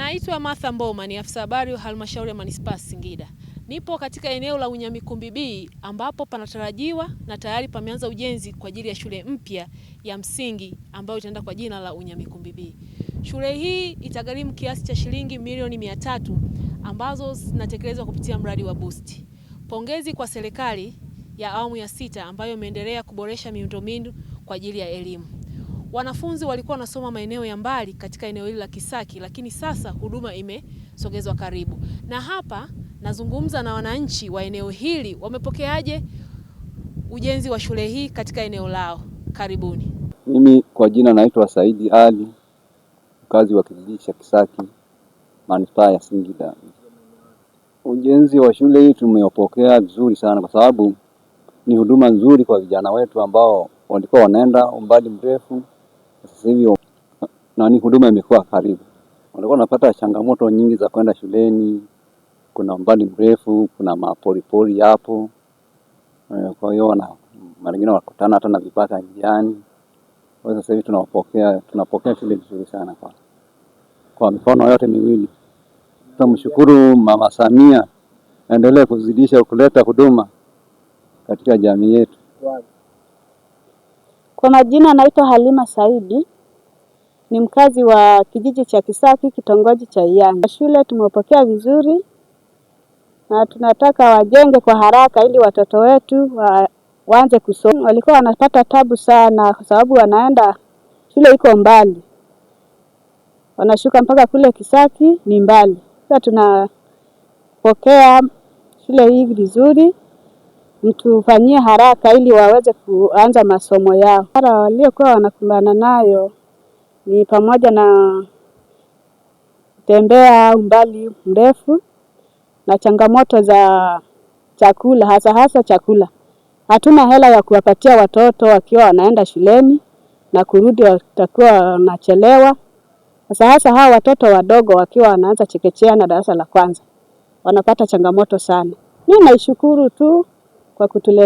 Naitwa Martha Mboma, ni afisa habari wa halmashauri ya manispaa Singida. Nipo katika eneo la Unyamikumbi B ambapo panatarajiwa na tayari pameanza ujenzi kwa ajili ya shule mpya ya msingi ambayo itaenda kwa jina la Unyamikumbi B. Shule hii itagharimu kiasi cha shilingi milioni mia tatu ambazo zinatekelezwa kupitia mradi wa BOOST. Pongezi kwa serikali ya awamu ya sita ambayo imeendelea kuboresha miundombinu kwa ajili ya elimu. Wanafunzi walikuwa wanasoma maeneo ya mbali katika eneo hili la Kisaki, lakini sasa huduma imesogezwa karibu. Na hapa nazungumza na wananchi wa eneo hili, wamepokeaje ujenzi wa shule hii katika eneo lao? Karibuni. Mimi kwa jina naitwa Saidi Ali, mkazi wa kijiji cha Kisaki, manispaa ya Singida. Ujenzi wa shule hii tumeupokea vizuri sana, kwa sababu ni huduma nzuri kwa vijana wetu ambao walikuwa wanaenda umbali mrefu sasa hivi nani huduma imekuwa karibu, walikuwa wanapata changamoto nyingi za kwenda shuleni, kuna umbali mrefu, kuna maporipori hapo. Eh, kwa hiyo wana mara nyingine wanakutana hata na vipaka njiani. Kwa sasa hivi tunawapokea, tunapokea shule vizuri sana kwa kwa mikono yote miwili. Tunamshukuru Mama Samia, endelee kuzidisha kuleta huduma katika jamii yetu. Kwa majina naitwa Halima Saidi, ni mkazi wa kijiji cha Kisaki, kitongoji cha Iyange. Shule tumepokea vizuri na tunataka wajenge kwa haraka ili watoto wetu wa, waanze kusoma. Walikuwa wanapata tabu sana kwa sababu wanaenda shule iko mbali, wanashuka mpaka kule Kisaki ni mbali. Sasa tunapokea shule hii vizuri mtufanyie haraka ili waweze kuanza masomo yao. Mara waliokuwa wanakumbana nayo ni pamoja na kutembea umbali mrefu na changamoto za chakula, hasa hasa chakula. Hatuna hela ya kuwapatia watoto wakiwa wanaenda shuleni na kurudi watakuwa wanachelewa, hasa hasa hao watoto wadogo wakiwa wanaanza chekechea na darasa la kwanza wanapata changamoto sana. Mimi naishukuru tu kwa kutulea